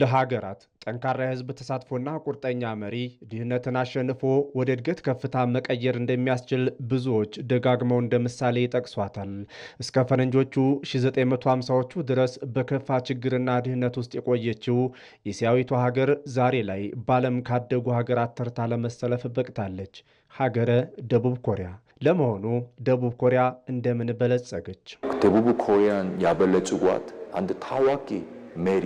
ለሀገራት ጠንካራ የህዝብ ተሳትፎና ቁርጠኛ መሪ ድህነትን አሸንፎ ወደ እድገት ከፍታ መቀየር እንደሚያስችል ብዙዎች ደጋግመው እንደ ምሳሌ ይጠቅሷታል። እስከ ፈረንጆቹ 1950ዎቹ ድረስ በከፋ ችግርና ድህነት ውስጥ የቆየችው እስያዊቷ ሀገር ዛሬ ላይ በዓለም ካደጉ ሀገራት ተርታ ለመሰለፍ በቅታለች። ሀገረ ደቡብ ኮሪያ። ለመሆኑ ደቡብ ኮሪያ እንደምን በለጸገች? ደቡብ ኮሪያን ያበለጽጓት አንድ ታዋቂ መሪ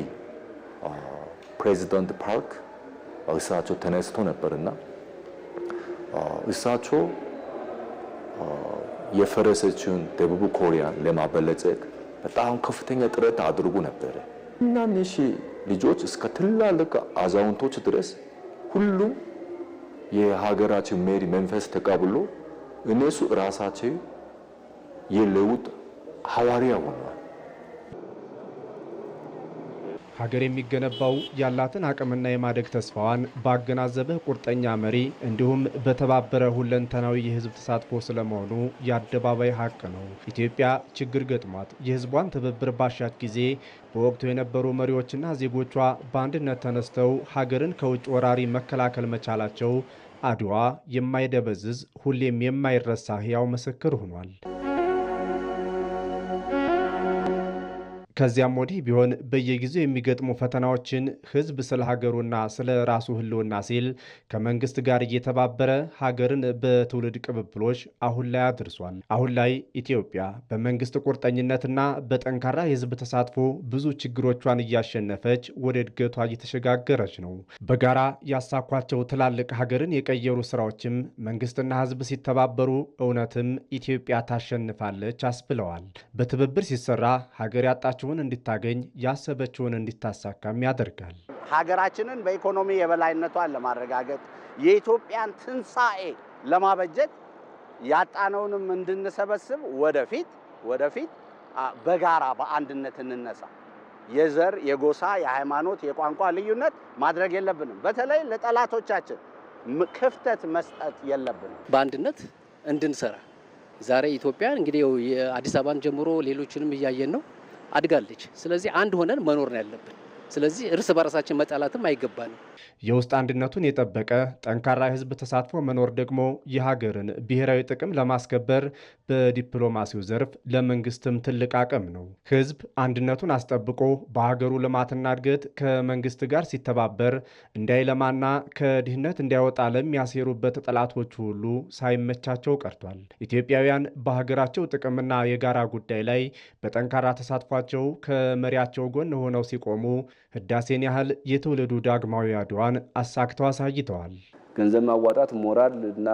ፕሬዚደንት ፓርክ እሳቸው ተነስቶ ነበርና እሳቸው የፈረሰችውን ደቡብ ኮሪያ ለማበለጸግ በጣም ከፍተኛ ጥረት አድርጉ ነበረ። እናንሽ ልጆች እስከ ትላልቅ አዛውንቶች ድረስ ሁሉም የሀገራችን መሪ መንፈስ ተቀብሎ እነሱ ራሳቸው የለውጥ ሐዋርያ ሆኗል። ሀገር የሚገነባው ያላትን አቅምና የማደግ ተስፋዋን ባገናዘበ ቁርጠኛ መሪ እንዲሁም በተባበረ ሁለንተናዊ የህዝብ ተሳትፎ ስለመሆኑ የአደባባይ ሀቅ ነው። ኢትዮጵያ ችግር ገጥሟት የህዝቧን ትብብር ባሻት ጊዜ በወቅቱ የነበሩ መሪዎችና ዜጎቿ በአንድነት ተነስተው ሀገርን ከውጭ ወራሪ መከላከል መቻላቸው አድዋ የማይደበዝዝ ሁሌም የማይረሳ ህያው ምስክር ሆኗል። ከዚያም ወዲህ ቢሆን በየጊዜው የሚገጥሙ ፈተናዎችን ህዝብ ስለ ሀገሩና ስለ ራሱ ህልውና ሲል ከመንግስት ጋር እየተባበረ ሀገርን በትውልድ ቅብብሎች አሁን ላይ አድርሷል። አሁን ላይ ኢትዮጵያ በመንግስት ቁርጠኝነትና በጠንካራ የህዝብ ተሳትፎ ብዙ ችግሮቿን እያሸነፈች ወደ እድገቷ እየተሸጋገረች ነው። በጋራ ያሳኳቸው ትላልቅ ሀገርን የቀየሩ ስራዎችም መንግስትና ህዝብ ሲተባበሩ እውነትም ኢትዮጵያ ታሸንፋለች አስብለዋል። በትብብር ሲሰራ ሀገር ያጣቸው ያሰባችውን እንድታገኝ ያሰበችውን እንድታሳካም ያደርጋል። ሀገራችንን በኢኮኖሚ የበላይነቷን ለማረጋገጥ የኢትዮጵያን ትንሣኤ ለማበጀት ያጣነውንም እንድንሰበስብ ወደፊት ወደፊት በጋራ በአንድነት እንነሳ። የዘር፣ የጎሳ፣ የሃይማኖት፣ የቋንቋ ልዩነት ማድረግ የለብንም። በተለይ ለጠላቶቻችን ክፍተት መስጠት የለብንም። በአንድነት እንድንሰራ ዛሬ ኢትዮጵያ እንግዲህ አዲስ አበባን ጀምሮ ሌሎችንም እያየን ነው። አድጋለች። ስለዚህ አንድ ሆነን መኖር ነው ያለብን። ስለዚህ እርስ በራሳችን መጣላትም አይገባንም። የውስጥ አንድነቱን የጠበቀ ጠንካራ የህዝብ ተሳትፎ መኖር ደግሞ የሀገርን ብሔራዊ ጥቅም ለማስከበር በዲፕሎማሲው ዘርፍ ለመንግስትም ትልቅ አቅም ነው። ህዝብ አንድነቱን አስጠብቆ በሀገሩ ልማትና እድገት ከመንግስት ጋር ሲተባበር እንዳይለማና ከድህነት እንዳይወጣ ለሚያሴሩበት ጥላቶች ሁሉ ሳይመቻቸው ቀርቷል። ኢትዮጵያውያን በሀገራቸው ጥቅምና የጋራ ጉዳይ ላይ በጠንካራ ተሳትፏቸው ከመሪያቸው ጎን ሆነው ሲቆሙ ህዳሴን ያህል የትውልዱ ዳግማዊ አድዋን አሳክተው አሳይተዋል። ገንዘብ ማዋጣት ሞራል እና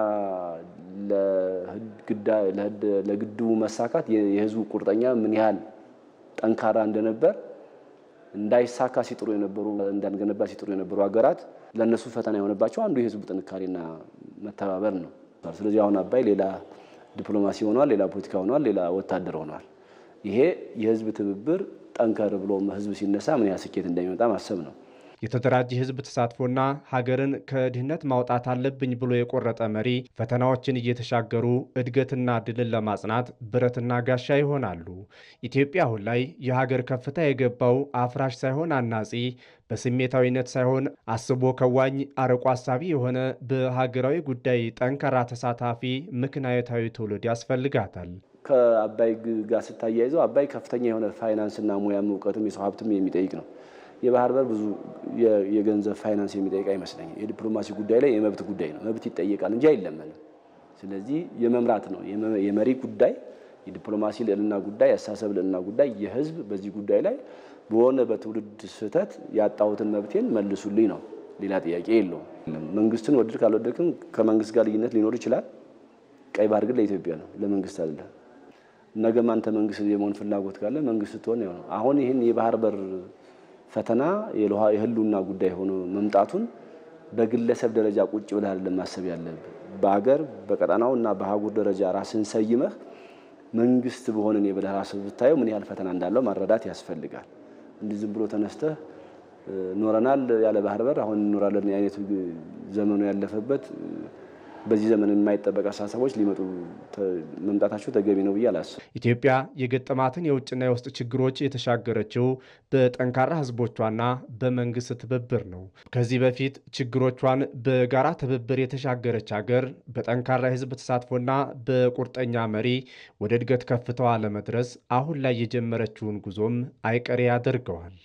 ለግድቡ መሳካት የህዝቡ ቁርጠኛ ምን ያህል ጠንካራ እንደነበር እንዳይሳካ ሲጥሩ የነበሩ እንዳንገነባ ሲጥሩ የነበሩ ሀገራት ለእነሱ ፈተና የሆነባቸው አንዱ የህዝቡ ጥንካሬና መተባበር ነው። ስለዚህ አሁን አባይ ሌላ ዲፕሎማሲ ሆኗል፣ ሌላ ፖለቲካ ሆኗል፣ ሌላ ወታደር ሆኗል። ይሄ የህዝብ ትብብር ጠንከር ብሎ ህዝብ ሲነሳ ምን ያህል ስኬት እንደሚመጣ ማሰብ ነው። የተደራጀ ህዝብ ተሳትፎና ሀገርን ከድህነት ማውጣት አለብኝ ብሎ የቆረጠ መሪ ፈተናዎችን እየተሻገሩ እድገትና ድልን ለማጽናት ብረትና ጋሻ ይሆናሉ። ኢትዮጵያ አሁን ላይ የሀገር ከፍታ የገባው አፍራሽ ሳይሆን አናጺ፣ በስሜታዊነት ሳይሆን አስቦ ከዋኝ፣ አርቆ አሳቢ የሆነ በሀገራዊ ጉዳይ ጠንካራ ተሳታፊ ምክንያታዊ ትውልድ ያስፈልጋታል። ከአባይ ጋር ስታያይዘው አባይ ከፍተኛ የሆነ ፋይናንስና ሙያም እውቀትም የሰው ሀብትም የሚጠይቅ ነው። የባህር በር ብዙ የገንዘብ ፋይናንስ የሚጠይቅ አይመስለኝም። የዲፕሎማሲ ጉዳይ ላይ የመብት ጉዳይ ነው። መብት ይጠይቃል እንጂ አይለመንም። ስለዚህ የመምራት ነው የመሪ ጉዳይ፣ የዲፕሎማሲ ልዕልና ጉዳይ፣ የአስተሳሰብ ልዕልና ጉዳይ፣ የህዝብ በዚህ ጉዳይ ላይ በሆነ በትውልድ ስህተት ያጣሁትን መብቴን መልሱልኝ ነው። ሌላ ጥያቄ የለውም። መንግስትን ወደድክ አልወደድክም ከመንግስት ጋር ልዩነት ሊኖር ይችላል። ቀይ ባህር ግን ለኢትዮጵያ ነው፣ ለመንግስት አይደለም። ነገም አንተ መንግስት የመሆን ፍላጎት ካለ መንግስት ስትሆን ነው። አሁን ይህን የባህር በር ፈተና የህልውና ጉዳይ ሆኖ መምጣቱን በግለሰብ ደረጃ ቁጭ ብለህ አይደለም ማሰብ ያለብህ። በአገር በቀጠናው እና በአህጉር ደረጃ ራስን ሰይመህ መንግስት በሆነ እኔ ብለህ ራስህ ብታየው ምን ያህል ፈተና እንዳለው ማረዳት ያስፈልጋል። እንዲህ ዝም ብሎ ተነስተህ ኖረናል ያለ ባህር በር አሁን እንኖራለን የአይነቱ ዘመኑ ያለፈበት በዚህ ዘመን የማይጠበቅ አስተሳሰቦች ሊመጡ መምጣታቸው ተገቢ ነው ብዬ አላስብ። ኢትዮጵያ የገጠማትን የውጭና የውስጥ ችግሮች የተሻገረችው በጠንካራ ህዝቦቿና በመንግስት ትብብር ነው። ከዚህ በፊት ችግሮቿን በጋራ ትብብር የተሻገረች ሀገር በጠንካራ ህዝብ ተሳትፎና በቁርጠኛ መሪ ወደ እድገት ከፍተዋ ለመድረስ አሁን ላይ የጀመረችውን ጉዞም አይቀሬ ያደርገዋል።